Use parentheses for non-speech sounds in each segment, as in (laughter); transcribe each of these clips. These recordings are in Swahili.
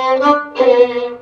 Thank you.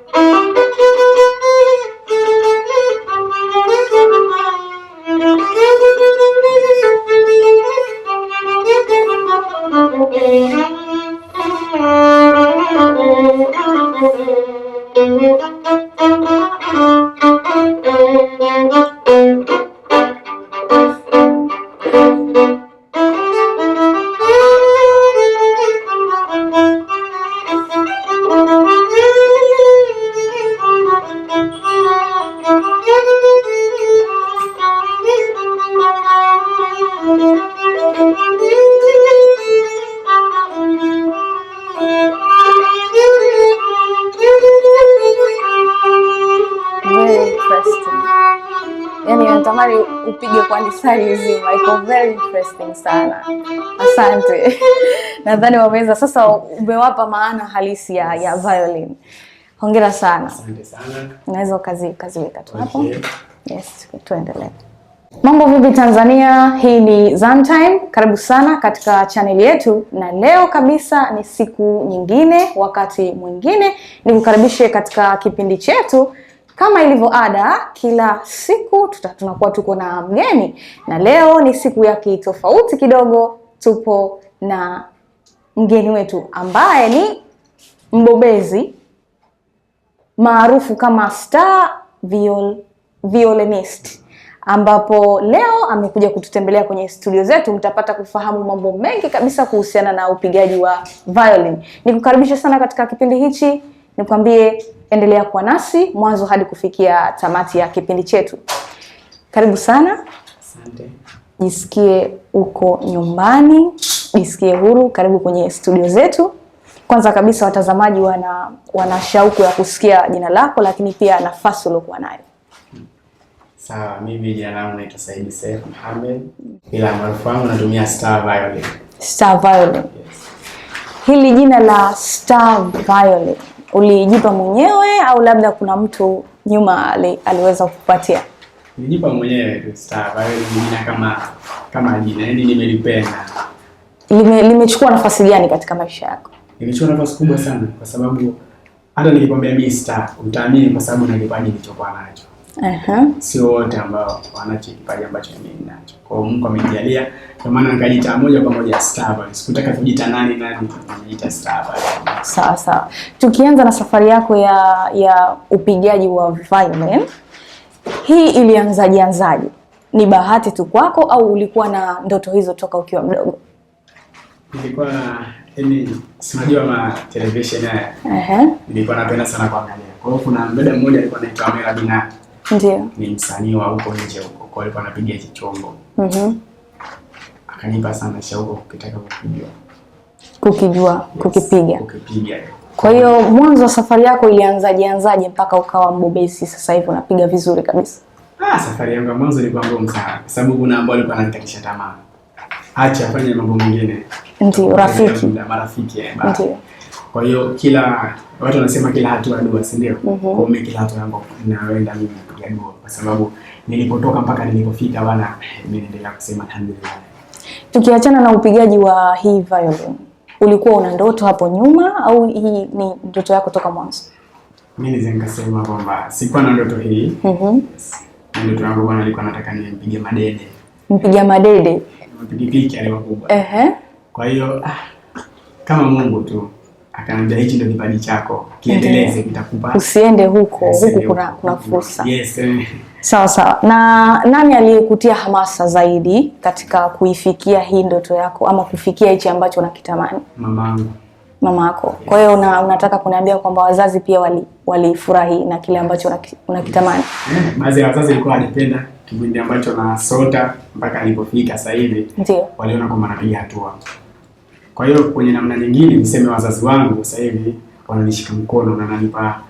upige kwa lisali nzima, oh, iko very interesting sana. Asante. (laughs) Nadhani wameweza sasa, umewapa maana halisi ya, ya violin. Hongera sana, asante sana. Unaweza ukaziweka tu hapo. Yes, tuendelee. Mambo vipi Tanzania, hii ni Zantime. Karibu sana katika chaneli yetu, na leo kabisa ni siku nyingine, wakati mwingine nikukaribishe katika kipindi chetu kama ilivyo ada, kila siku tuta tunakuwa tuko na mgeni, na leo ni siku ya kitofauti kidogo. Tupo na mgeni wetu ambaye ni mbobezi maarufu kama star viol, violinist ambapo leo amekuja kututembelea kwenye studio zetu. Mtapata kufahamu mambo mengi kabisa kuhusiana na upigaji wa violin. Nikukaribisha sana katika kipindi hichi nikwambie endelea kuwa nasi mwanzo hadi kufikia tamati ya kipindi chetu. Karibu sana. Asante. Jisikie uko nyumbani, jisikie huru. Karibu kwenye studio zetu. Kwanza kabisa, watazamaji wana wana shauku ya kusikia jina lako, lakini pia nafasi uliokuwa nayo. Sawa, mimi jina langu naitwa Saidi Said Mohamed, ila maarufu wangu natumia Star Violin. Star Violin. Yes. Hili jina la Star Violin ulijipa mwenyewe au labda kuna mtu nyuma ali, aliweza kukupatia? Nilijipa mwenyewe kama kama jina, yani nimelipenda. Lime, limechukua nafasi gani katika maisha yako? Nimechukua nafasi kubwa sana, kwa sababu hata nikipambea mimi star, utaamini, kwa sababu na kipaji nilichokuwa nacho. Aha. Sio wote ambao wanacho kipaji ambacho mimi nacho. Kwa hiyo Mungu amenijalia, kwa maana nikajitaa moja kwa moja Starbucks. Sikutaka kujiita nani nani, nikajiita Starbucks. Sawa sawa. Tukianza na safari yako ya ya upigaji wa violin. Eh? Hii ilianzaje anzaje? Ni bahati tu kwako au ulikuwa na ndoto hizo toka ukiwa mdogo? Nilikuwa na yani sinajua ma television eh? haya. Ehe. Uh -huh. Nilikuwa napenda sana kuangalia. Kwa hiyo kuna mdada mmoja alikuwa anaitwa Amira Binati. Ndiyo. Ni msanii wa huko nje huko, kwa hiyo anapiga kichongo. Mhm. Akanipa sana shauku kukitaka kukijua. Kukijua, yes. Kukipiga. Kukipiga. Kwa hiyo mwanzo wa safari yako ilianzaje anzaje mpaka ukawa mbobezi sasa hivi unapiga vizuri kabisa? Ah, safari yangu mwanzo ilikuwa ngumu sana kwa sababu kuna ambao walikuwa wananikatisha tamaa. Acha afanye mambo mengine. Ndiyo, rafiki. Marafiki. Eh, Ndiyo. Kwa hiyo kila watu wanasema kila hatua dua, si ndio? mm -hmm. Kwa mimi kila hatua yangu inaenda mimi napiga dua, kwa sababu nilipotoka mpaka nilipofika bwana, mimi naendelea kusema alhamdulillah. Tukiachana na upigaji wa hii violin, ulikuwa una ndoto hapo nyuma au hii ni ndoto yako toka mwanzo? Mimi nilianza kusema kwamba sikuwa na ndoto hii. Mhm. Ndoto yangu bwana, alikuwa anataka nimpige madede, mpiga madede, mpige kiki alikuwa kubwa. Ehe, kwa hiyo ah, kama Mungu tu akanambia hichi ndio kipaji chako, kiendeleze, kitakupa. Usiende huko, huku kuna kuna fursa. Yes. Sawa sawa. Na nani aliyekutia hamasa zaidi katika kuifikia hii ndoto yako ama kufikia hichi ambacho unakitamani? Mama yangu. Mama yako. Yes. Kwa hiyo una, unataka kuniambia kwamba wazazi pia walifurahi wali na kile ambacho unakitamani? Una eh, baadhi ya wazazi walikuwa wanipenda kipindi ambacho nasota mpaka alipofika sasa hivi. Ndio. Waliona kwamba napiga hatua. Kwa hiyo kwenye namna nyingine niseme wazazi wangu sasa hivi wananishika mkono na nanipa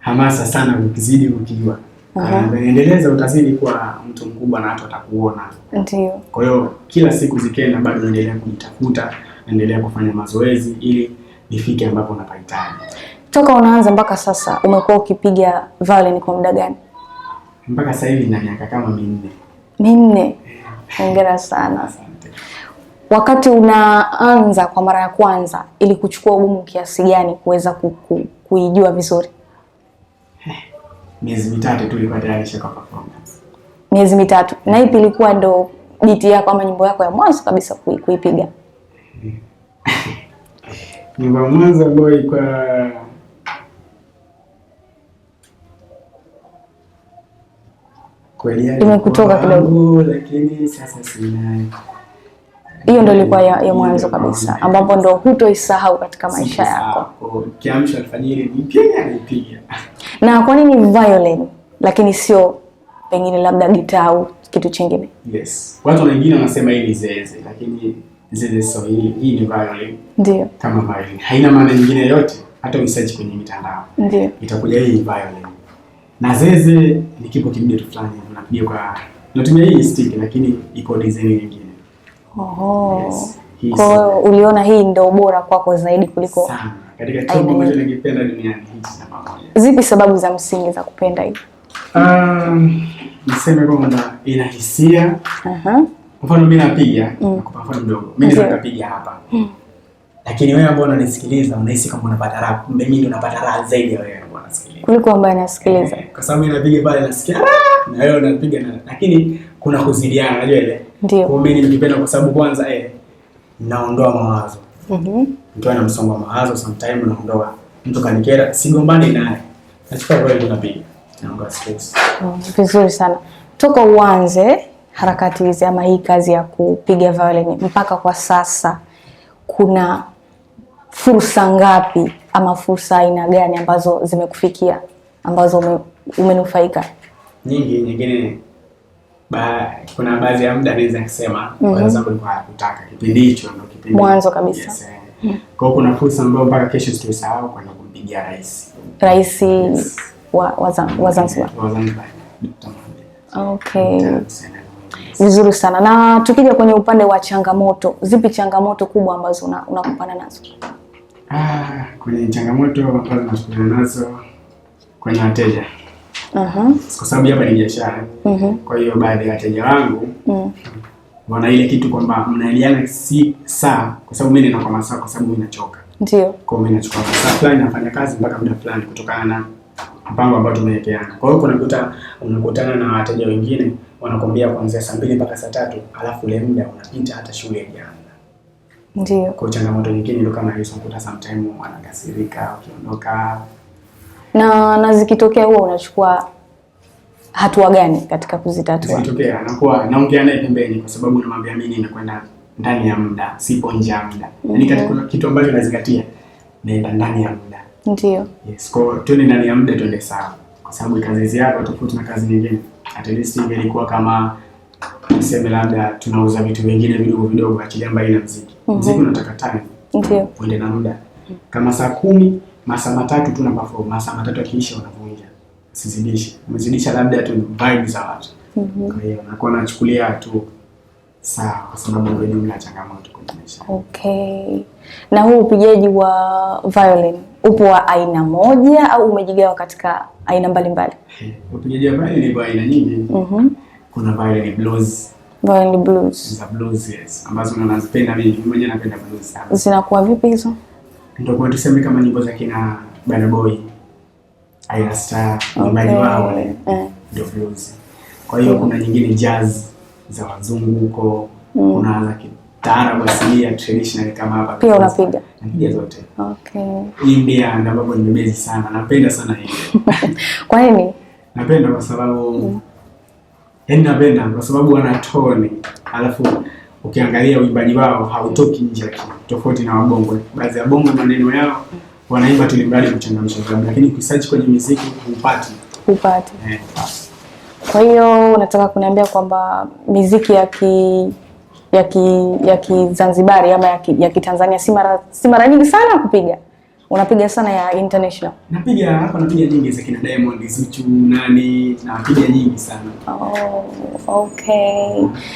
hamasa sana, ukizidi ukijua ah, endeleza utazidi kuwa mtu mkubwa na watu watakuona. Ndio. Kwa hiyo kila siku zikienda, bado naendelea kujitafuta, naendelea kufanya mazoezi ili nifike ambapo napahitaji. Toka unaanza mpaka sasa umekuwa ukipiga violin kwa muda gani? Mpaka sasa hivi na miaka kama minne. Minne. Eh. Hongera sana wakati unaanza kwa mara ya kwanza, ili kuchukua ugumu kiasi gani kuweza ku, kuijua vizuri? Miezi mitatu tu ilikuwa tayari shaka performance. Miezi mitatu. Na ipi ilikuwa ndo biti yako ama nyimbo yako ya mwanzo kabisa kuipiga? (laughs) Nyimbo ya mwanzo ambayo ilikuwa kweli imekutoka kidogo, lakini sasa sinayo hiyo ndo ilikuwa ya, ya mwanzo kabisa ambapo ndo hutoisahau katika maisha yako. Na kwa nini violin lakini sio pengine labda gitaa au kitu chingine? Yes. Watu wengine wanasema hii ni zeze, lakini zeze sio hii, hii ni violin. Ndio. Kama violin. Haina maana nyingine yote hata research kwenye mitandao. Ndio. Itakuja hii violin. Na zeze ni kipo kimoja tu fulani unapiga kwa natumia hii stick lakini iko design nyingine. Kwa hiyo uliona hii ndio bora kwako zaidi kuliko katika chombo ambacho ningependa duniani hichi na pamoja. Zipi sababu za msingi za kupenda hii? Um, niseme kwamba ina hisia. Aha. Mfano mimi napiga, mm. nakupa mfano mdogo. Mimi naweza kupiga hapa. Mm. Lakini wewe ambao unanisikiliza unahisi kama unapata raha. Kumbe mimi ndo napata raha zaidi ya wewe ambao unasikiliza. Kuliko ambaye anasikiliza. Eh, kwa sababu mimi napiga pale nasikia na wewe unapiga na lakini kuna kuzidiana, unajua ile. Ndio. Kwa mimi nimejipenda kwa sababu kwanza eh, naondoa mawazo. Mhm. Mm Nikiwa na msongo wa mawazo sometimes naondoa. Mtu kanikera, sigombani naye. Nachukua kwa ile napiga. Naondoa stress. Oh, vizuri sana. Toka uanze harakati hizi ama hii kazi ya kupiga violin mpaka kwa sasa kuna fursa ngapi ama fursa aina gani ambazo zimekufikia ambazo ume, umenufaika? Nyingi, nyingine ba, kuna baadhi ya muda anaweza kusema mm -hmm. Wazazi walikuwa hawakutaka kipindi hicho, ndio kipindi mwanzo kabisa yes, eh. mm. Kwa kuna fursa ambayo mpaka kesho situsahau kwenda kumpigia rais rais yes. wa wa Zanzibar wa Zanzibar okay vizuri sana. Na tukija kwenye upande wa changamoto, zipi changamoto kubwa ambazo unakumbana una nazo? Ah, kwenye changamoto ambazo nakutana nazo kwenye wateja uh-huh. kwa sababu hapa ni biashara uh-huh. Kwa hiyo baadhi ya wateja wangu uh-huh. wana ile kitu kwamba mnaeliana si saa, kwa sababu mimi nina kwa masaa, kwa sababu ninachoka, ndio kwa mimi nachukua masaa fulani, nafanya kazi mpaka muda fulani, kutokana na mpango ambao tumewekeana. Kwa hiyo kunakuta unakutana na wateja wengine wanakwambia kuanzia saa mbili mpaka saa tatu alafu ule muda unapita hata shule ijaanza. Ndio. Kwa changamoto nyingine ndio kama hizo, unakuta sometimes wanakasirika wakiondoka na na zikitokea huwa unachukua hatua gani katika kuzitatua? Zikitokea nakuwa naongea naye pembeni, kwa sababu namwambia mimi ninakwenda ndani ya muda, sipo nje ya muda. Yaani katika kitu ambacho nazingatia naenda ndani ya muda, ndio yes. Kwa hiyo ndani ya muda, tuende sawa, kwa sababu kazi hizi tofauti na kazi nyingine, at least ingelikuwa kama tuseme labda tunauza vitu vingine vidogo vidogo, achilia mbali na muziki. Mhm. Muziki unataka time, ndio uende na muda kama saa kumi masaa matatu tu na mafo, masaa matatu akiisha wanavunja, sizidishi Umezidisha labda tu vibe za watu, mm -hmm. kwa hiyo nakuwa nachukulia tu sawa, kwa sababu ndio jumla ya changamoto kwenye maisha. Okay, na huu upigaji wa violin upo wa aina moja au umejigawa katika aina mbalimbali? Upigaji wa violin wa aina nyingi. mm -hmm. Kuna violin blues violin blues za blues, yes, ambazo unazipenda. Mimi mwenyewe napenda blues sana. Zinakuwa vipi hizo? nitakuwa tuseme kama nyimbo za kina Burna Boy, Ayra Starr, waimbaji wao wale eh. ndio blues. Kwa hiyo kuna nyingine jazz za wazungu huko, mm. kuna za kitaarabu asilia traditional kama hapa pia unapiga napiga zote. Okay, India ndio ambapo nimebezi sana, napenda sana hiyo. (laughs) Kwa nini napenda? Kwa sababu mm. yaani napenda kwa sababu wanatoni alafu ukiangalia uimbaji wao hautoki nje ya tofauti na wabongwe Baadhi ya bongwe maneno yao wanaimba tu mradi kuchangamsha klabu, lakini ukisearch kwenye muziki hupati hupati eh. Kwa hiyo unataka kuniambia kwamba miziki ya ki ya ki ya Kizanzibari ama ya ki, ya Kitanzania si mara si mara nyingi sana kupiga. Unapiga sana ya international. Napiga hapa, napiga nyingi za kina Diamond, Zuchu, nani, napiga nyingi sana. Oh, okay.